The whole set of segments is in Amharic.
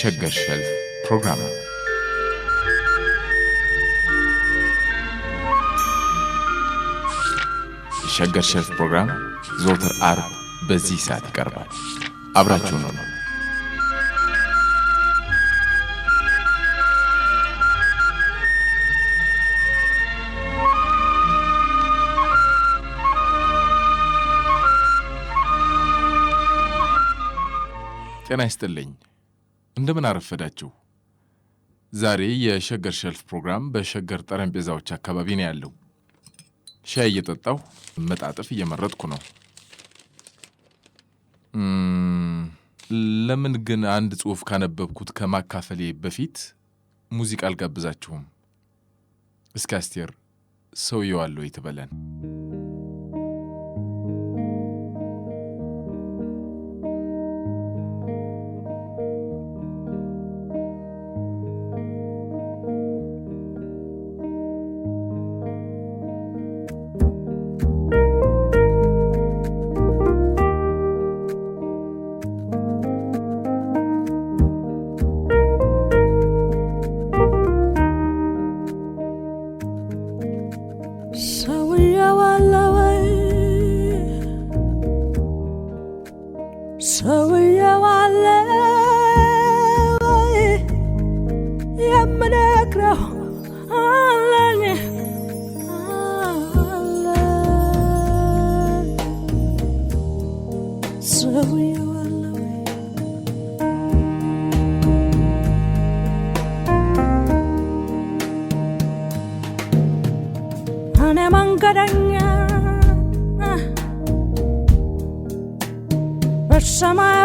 የሸገር ሸልፍ ፕሮግራም ነው። የሸገር ሸልፍ ፕሮግራም ዘወትር አርብ በዚህ ሰዓት ይቀርባል። አብራችሁ ነው ነው። ጤና ይስጥልኝ እንደምን አረፈዳችሁ። ዛሬ የሸገር ሸልፍ ፕሮግራም በሸገር ጠረጴዛዎች አካባቢ ነው ያለው። ሻይ እየጠጣሁ መጣጥፍ እየመረጥኩ ነው። ለምን ግን አንድ ጽሑፍ ካነበብኩት ከማካፈሌ በፊት ሙዚቃ አልጋብዛችሁም? እስኪ አስቴር ሰውየዋለሁ የተበለን So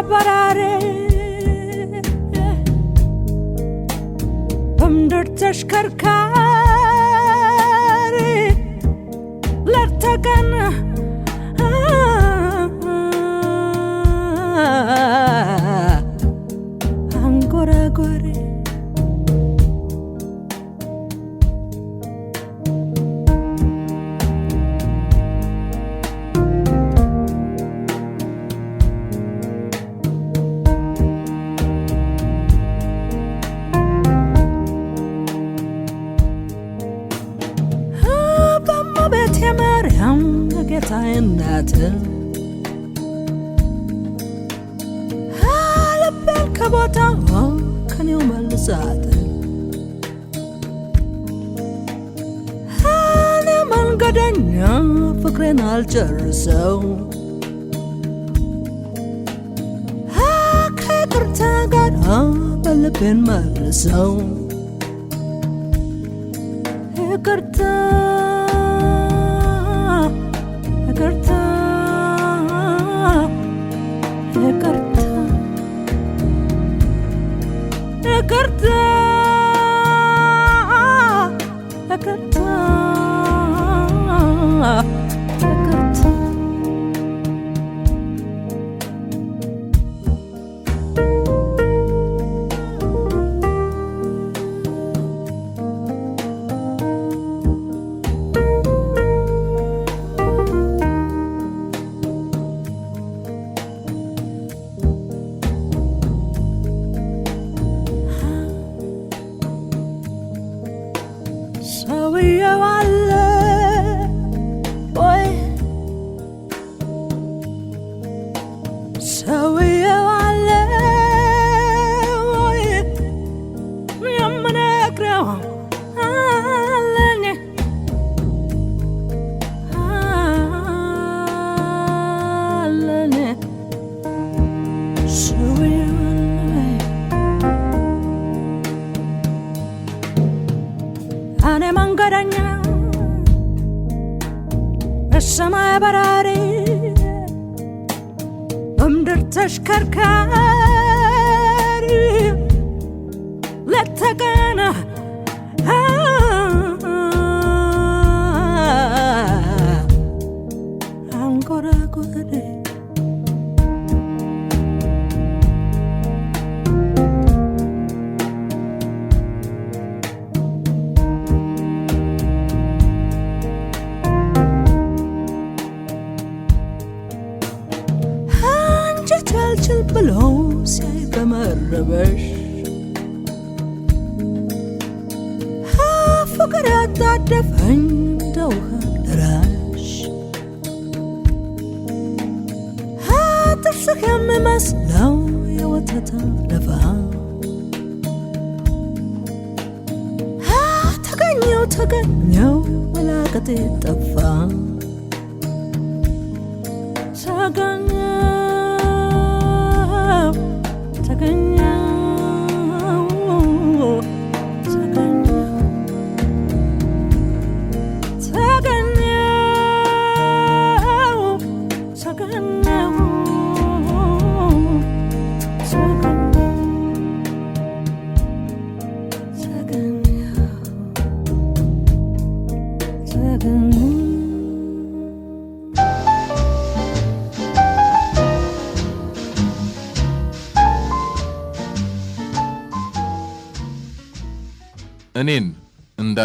parare በምድር ተሽከርካሪ ሌት ተቀን የማርያም የጌታ እናት አለበል ከቦታው ከኔው መልሳት እኔ መንገደኛ ፍቅሬን አልጨርሰው ከቅርታ ጋር በልቤን መልሰው ይቅርታ We are. I ከሰማይ በራሪ በምድር ተሽከርካሪ ሌት الربش ها فكر هتعرف هندوها دراش هتفشك هم مس لو يا وتتا لفها هتغنيو تغنيو ولا قد يطفى تغنيو sakanya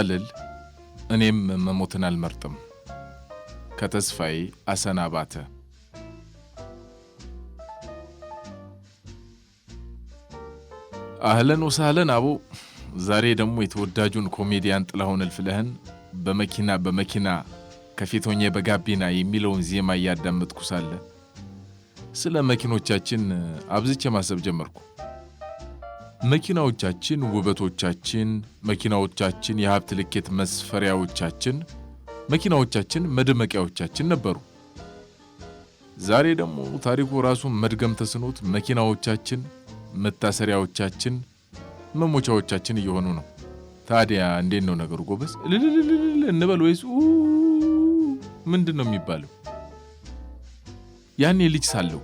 እንዳልል እኔም መሞትን አልመርጥም። ከተስፋዬ አሰናባተ አህለን ወሳህለን አቦ። ዛሬ ደግሞ የተወዳጁን ኮሜዲያን ጥላሁን እልፍልህን በመኪና በመኪና ከፊት ሆኜ በጋቢና የሚለውን ዜማ እያዳመጥኩ ሳለ ስለ መኪኖቻችን አብዝቼ ማሰብ ጀመርኩ። መኪናዎቻችን ውበቶቻችን፣ መኪናዎቻችን የሀብት ልኬት መስፈሪያዎቻችን፣ መኪናዎቻችን መድመቂያዎቻችን ነበሩ። ዛሬ ደግሞ ታሪኩ ራሱ መድገም ተስኖት መኪናዎቻችን መታሰሪያዎቻችን፣ መሞቻዎቻችን እየሆኑ ነው። ታዲያ እንዴት ነው ነገሩ? ጎበዝ እልልልልል እንበል ወይስ ምንድን ነው የሚባለው? ያኔ ልጅ ሳለሁ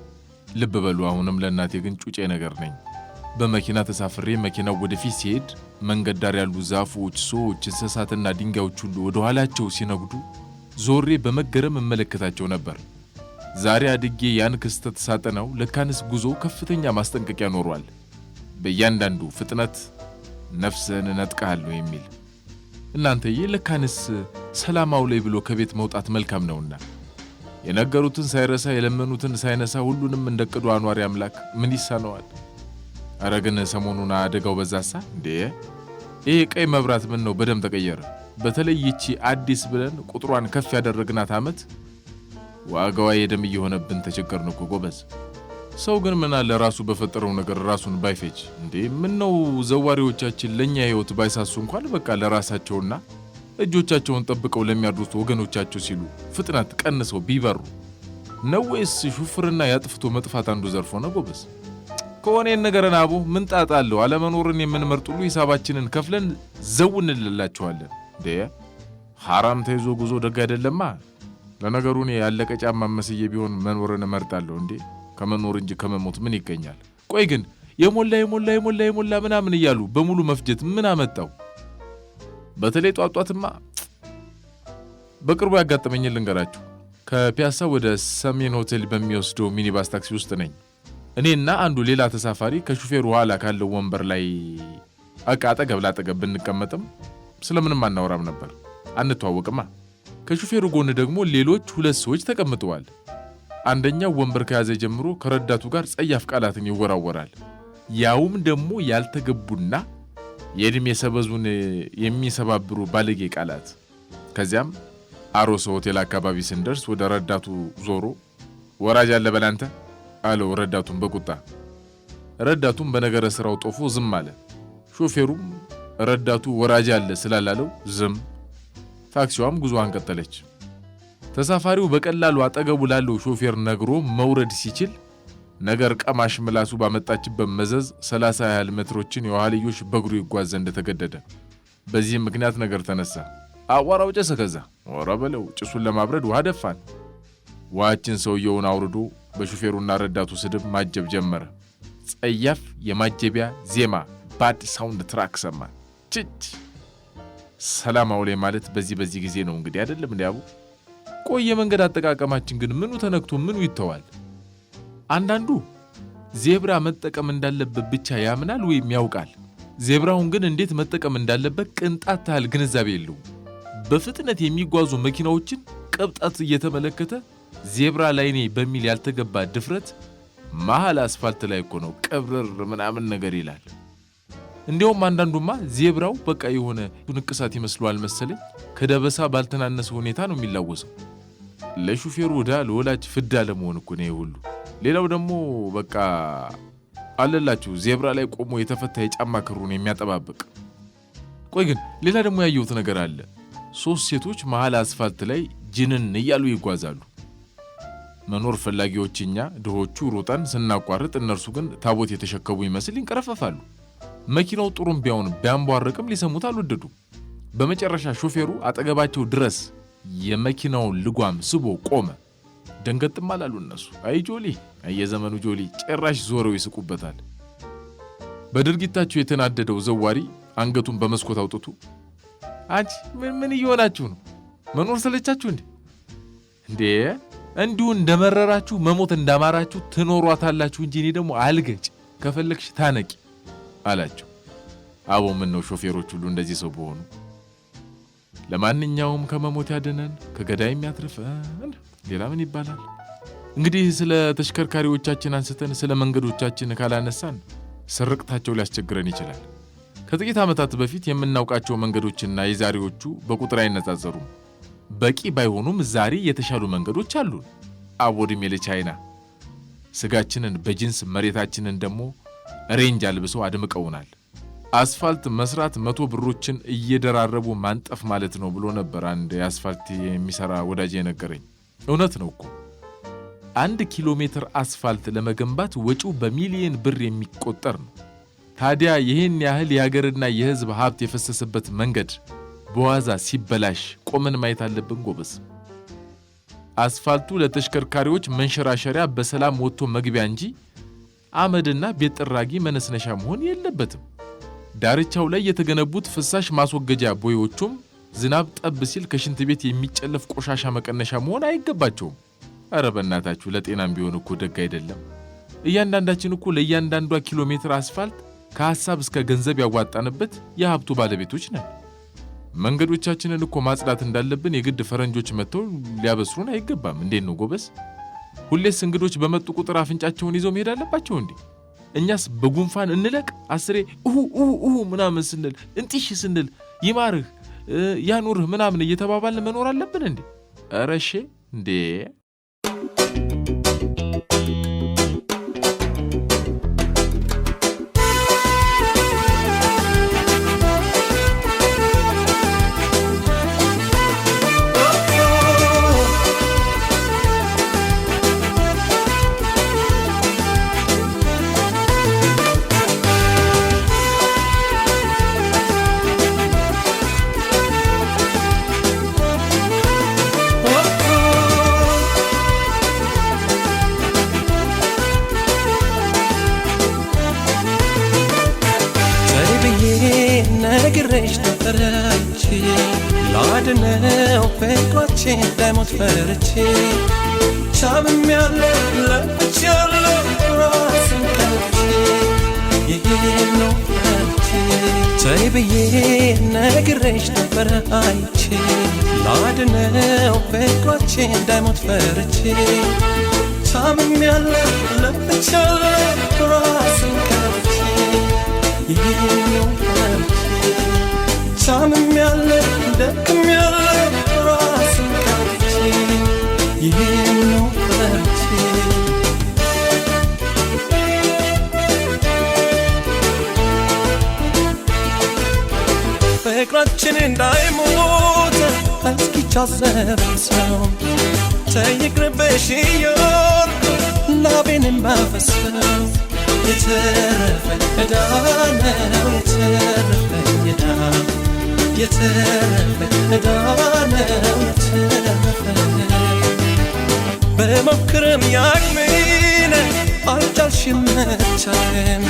ልብ በሉ። አሁንም ለእናቴ ግን ጩጬ ነገር ነኝ። በመኪና ተሳፍሬ መኪናው ወደፊት ሲሄድ መንገድ ዳር ያሉ ዛፎች፣ ሰዎች፣ እንስሳትና ድንጋዮች ሁሉ ወደ ኋላቸው ሲነጉዱ ዞሬ በመገረም እመለከታቸው ነበር። ዛሬ አድጌ ያን ክስተት ሳጠናው ለካንስ ጉዞ ከፍተኛ ማስጠንቀቂያ ኖሯል። በእያንዳንዱ ፍጥነት ነፍስህን እነጥቅሃለሁ የሚል እናንተዬ፣ ለካንስ ሰላማው ላይ ብሎ ከቤት መውጣት መልካም ነውና የነገሩትን ሳይረሳ የለመኑትን ሳይነሳ ሁሉንም እንደ ቅዱ አኗሪ አምላክ ምን ይሳነዋል? አረ ግን ሰሞኑን አደጋው በዛሳ እንዴ! ይሄ ቀይ መብራት ምን ነው በደም ተቀየረ። በተለይ ይቺ አዲስ ብለን ቁጥሯን ከፍ ያደረግናት ዓመት ዋጋዋ የደም እየሆነብን ተቸገርን እኮ ጎበዝ። ሰው ግን ምና ለራሱ በፈጠረው ነገር ራሱን ባይፈጅ እንዴ! ምን ነው ዘዋሪዎቻችን ለእኛ ሕይወት ባይሳሱ እንኳን በቃ ለራሳቸውና እጆቻቸውን ጠብቀው ለሚያድሩት ወገኖቻቸው ሲሉ ፍጥነት ቀንሰው ቢበሩ ነው ወይስ ሹፍርና ያጥፍቶ መጥፋት አንዱ ዘርፎ ነው ጎበዝ? ከሆነ ነገርን አቡ ምን ጣጣ አለው? አለመኖርን የምንመርጥ ሁሉ ሂሳባችንን ከፍለን ዘው እንልላችኋለን። ደ ሐራም ተይዞ ጉዞ ደግ አይደለማ። ለነገሩ እኔ ያለቀ ጫማ መስዬ ቢሆን መኖርን እመርጣለሁ እንዴ ከመኖር እንጂ ከመሞት ምን ይገኛል? ቆይ ግን የሞላ የሞላ የሞላ የሞላ ምናምን እያሉ በሙሉ መፍጀት ምን አመጣው? በተለይ ጧጧትማ በቅርቡ ያጋጠመኝ ልንገራችሁ። ከፒያሳ ወደ ሰሜን ሆቴል በሚወስደው ሚኒባስ ታክሲ ውስጥ ነኝ። እኔና አንዱ ሌላ ተሳፋሪ ከሹፌሩ ኋላ ካለው ወንበር ላይ እቃ አጠገብ ላጠገብ ብንቀመጥም ስለምንም አናወራም ነበር፣ አንተዋወቅማ። ከሹፌሩ ጎን ደግሞ ሌሎች ሁለት ሰዎች ተቀምጠዋል። አንደኛው ወንበር ከያዘ ጀምሮ ከረዳቱ ጋር ጸያፍ ቃላትን ይወራወራል። ያውም ደግሞ ያልተገቡና የእድሜ ሰበዙን የሚሰባብሩ ባለጌ ቃላት። ከዚያም አሮሰ ሆቴል አካባቢ ስንደርስ ወደ ረዳቱ ዞሮ ወራጅ አለ በላንተ አለው ረዳቱን በቁጣ። ረዳቱም በነገረ ስራው ጦፎ ዝም አለ። ሾፌሩም ረዳቱ ወራጅ አለ ስላላለው ዝም፣ ታክሲዋም ጉዞዋን ቀጠለች። ተሳፋሪው በቀላሉ አጠገቡ ላለው ሾፌር ነግሮ መውረድ ሲችል ነገር ቀማሽ ምላሱ ባመጣችበት መዘዝ 30 ያህል ሜትሮችን የኋልዮሽ በእግሩ ይጓዝ ዘንድ ተገደደ። በዚህም ምክንያት ነገር ተነሳ። አቧራው ጨሰ። ከዛ ወረ በለው ጭሱን ለማብረድ ውሃ ደፋን። ውሃችን ሰውየውን አውርዶ በሹፌሩና ረዳቱ ስድብ ማጀብ ጀመረ። ጸያፍ የማጀቢያ ዜማ ባድ ሳውንድ ትራክ ሰማ። ችች ሰላም አውሌ ማለት በዚህ በዚህ ጊዜ ነው እንግዲህ አይደለም እንዲያቡ። ቆይ የመንገድ አጠቃቀማችን ግን ምኑ ተነክቶ ምኑ ይተዋል? አንዳንዱ ዜብራ መጠቀም እንዳለበት ብቻ ያምናል ወይም ያውቃል። ዜብራውን ግን እንዴት መጠቀም እንዳለበት ቅንጣት ታህል ግንዛቤ የለውም። በፍጥነት የሚጓዙ መኪናዎችን ቅብጣት እየተመለከተ ዜብራ ላይ ነኝ በሚል ያልተገባ ድፍረት መሀል አስፋልት ላይ እኮ ነው ቅብርር ምናምን ነገር ይላል። እንዲያውም አንዳንዱማ ዜብራው በቃ የሆነ ንቅሳት ይመስለዋል መሰለኝ ከደበሳ ባልተናነሰ ሁኔታ ነው የሚላወሰው። ለሹፌሩ ዕዳ ለወላጅ ፍዳ ለመሆን እኮ ነው ሁሉ። ሌላው ደግሞ በቃ አለላችሁ ዜብራ ላይ ቆሞ የተፈታ የጫማ ክሩን የሚያጠባብቅ። ቆይ ግን ሌላ ደግሞ ያየሁት ነገር አለ። ሶስት ሴቶች መሀል አስፋልት ላይ ጅንን እያሉ ይጓዛሉ። መኖር ፈላጊዎች እኛ ድሆቹ ሩጠን ስናቋርጥ፣ እነርሱ ግን ታቦት የተሸከሙ ይመስል ይንቀረፈፋሉ። መኪናው ጥሩም ቢያውን ቢያንቧርቅም ሊሰሙት አልወደዱም። በመጨረሻ ሾፌሩ አጠገባቸው ድረስ የመኪናውን ልጓም ስቦ ቆመ። ደንገጥም አላሉ እነሱ። አይ ጆሊ፣ አየዘመኑ ጆሊ! ጭራሽ ዞረው ይስቁበታል። በድርጊታቸው የተናደደው ዘዋሪ አንገቱን በመስኮት አውጥቶ አንቺ ምን ምን እየሆናችሁ ነው? መኖር ሰለቻችሁ እንዴ? እንዴ እንዲሁ እንደመረራችሁ መሞት እንዳማራችሁ ትኖሯታላችሁ እንጂ እኔ ደግሞ አልገጭ፣ ከፈለግሽ ታነቂ አላቸው። አቦ ምን ነው ሾፌሮች ሁሉ እንደዚህ ሰው በሆኑ። ለማንኛውም ከመሞት ያድነን ከገዳይም ያትርፈን። ሌላ ምን ይባላል? እንግዲህ ስለ ተሽከርካሪዎቻችን አንስተን ስለ መንገዶቻችን ካላነሳን ስርቅታቸው ሊያስቸግረን ይችላል። ከጥቂት ዓመታት በፊት የምናውቃቸው መንገዶችና የዛሬዎቹ በቁጥር አይነጻጸሩም። በቂ ባይሆኑም ዛሬ የተሻሉ መንገዶች አሉን። አቦድሜለ ቻይና ስጋችንን በጅንስ መሬታችንን ደግሞ ሬንጅ አልብሰው አድምቀውናል። አስፋልት መስራት መቶ ብሮችን እየደራረቡ ማንጠፍ ማለት ነው ብሎ ነበር አንድ የአስፋልት የሚሰራ ወዳጅ የነገረኝ። እውነት ነው እኮ አንድ ኪሎ ሜትር አስፋልት ለመገንባት ወጪው በሚሊየን ብር የሚቆጠር ነው። ታዲያ ይህን ያህል የሀገርና የሕዝብ ሀብት የፈሰሰበት መንገድ በዋዛ ሲበላሽ ቆመን ማየት አለብን ጎበዝ። አስፋልቱ ለተሽከርካሪዎች መንሸራሸሪያ በሰላም ወጥቶ መግቢያ እንጂ አመድና ቤት ጥራጊ መነስነሻ መሆን የለበትም። ዳርቻው ላይ የተገነቡት ፍሳሽ ማስወገጃ ቦዮቹም ዝናብ ጠብ ሲል ከሽንት ቤት የሚጨለፍ ቆሻሻ መቀነሻ መሆን አይገባቸውም። እረ በእናታችሁ ለጤናም ቢሆን እኮ ደግ አይደለም። እያንዳንዳችን እኮ ለእያንዳንዷ ኪሎ ሜትር አስፋልት ከሐሳብ እስከ ገንዘብ ያዋጣንበት የሀብቱ ባለቤቶች ነን። መንገዶቻችንን እኮ ማጽዳት እንዳለብን የግድ ፈረንጆች መጥተው ሊያበስሩን አይገባም። እንዴት ነው ጎበስ ሁሌስ እንግዶች በመጡ ቁጥር አፍንጫቸውን ይዘው መሄድ አለባቸው እንዴ? እኛስ በጉንፋን እንለቅ አስሬ ሁ ሁ ምናምን ስንል እንጢሽ ስንል ይማርህ ያኑርህ ምናምን እየተባባልን መኖር አለብን እንዴ? ረሼ እንዴ ፈርቼ ቻምሜያለሁ ያለ ራሴን ከፍቼ ይሄን ነው ፈርቼ ተይ ብዬ ነግሬሽ ነበረ አይቼ ላድነው ፍቅሮቼ እንዳይሞት ፈርቼ ታምሜያለሁ ለፍቻለሁ ራሴን ከፍቼ ይሄን ነው ፈርቼ ታምሜያለሁ ደክሜ فکرات چنین دایم موت پس کی چازه بسیار تا یک رو بشیار نبینیم بفسیار یه طرف ادانه یه طرف یه دام یه طرف ادانه یه طرف به مکرم یک مینه آل چالشیم چایم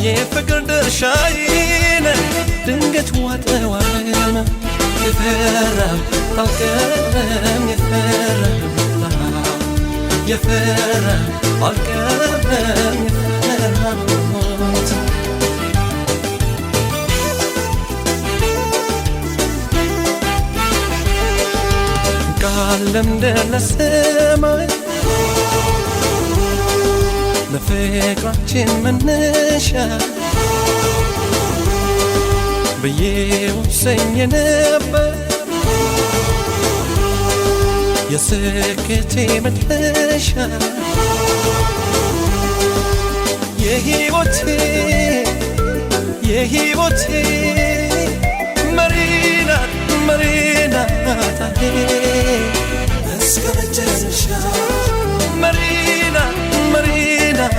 یه فکر در شایم ደከመ ድንገት ዋጠዋም የፈራ አልቀረም የፈራ የፈራ አልቀረም የፈራ ቃለም ለሰማይ ለፍቅራችን መነሻ ብዬው ሰኝ ነበር የስኬቴ መድረሻ የሕይወቴ የሕይወቴ መሪናት መሪናት እስከ መጨረሻ መሪናት መሪናት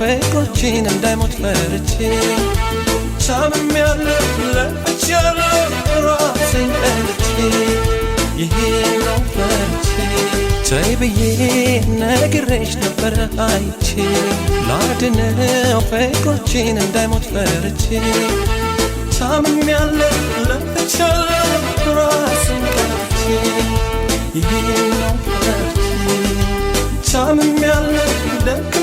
ፍቅሮችን እንዳይሞት ፈርቼ ቻምም ያለ ለፍቻለ ራሴን ጠልቼ ይሄ ፈርቼ ተይ ብዬ ነግሬሽ ነበረ አይቼ ላድነው ፍቅሮችን እንዳይሞት ፈርቼ ቻምም ያለ ለፍቻለ ራሴን ጠልቼ ይሄ ፈርቼ ቻምም ያለ ደግ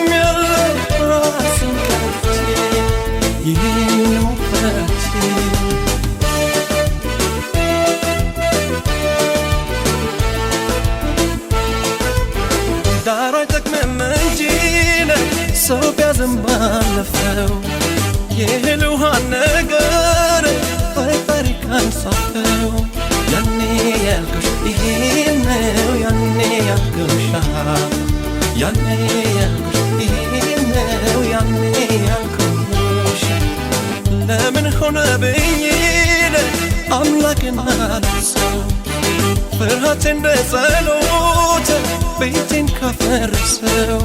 ሰው ቢያዝም ባለፈው ይህን ውሃ ነገር ፈጣሪ ካንሳፈው ያኔ ያልኩሽ ይሄን ያኔ ያልኩሽ ያኔ ያልኩሽ ይሄን ነው ያኔ ያልኩሽ ለምን ሆነብኝ አምላክን አልሰው ፍርሃት እንደ ጸሎት ቤቴን ካፈርሰው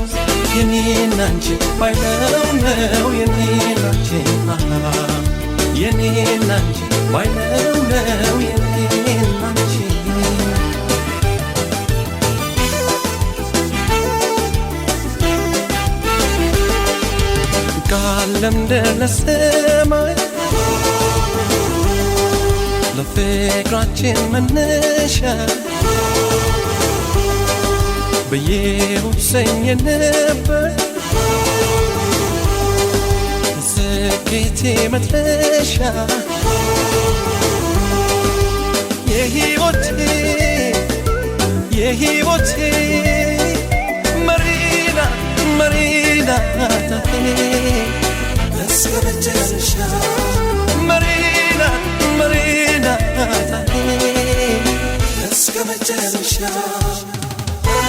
የኔና አንቺ ባይለው ነው የኔና አንቺ የኔና አንቺ ነው የኔና አንቺ ቃለም ለሰማይ ለፍቅራችን መነሻ ብዬው ሰኝ ነበር ስኬቴ መድረሻ የሕይወቴ የሕይወቴ መሪና መሪና እስከ መጨረሻ መሪና መሪና እስከ መጨረሻ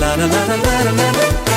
la la la la la la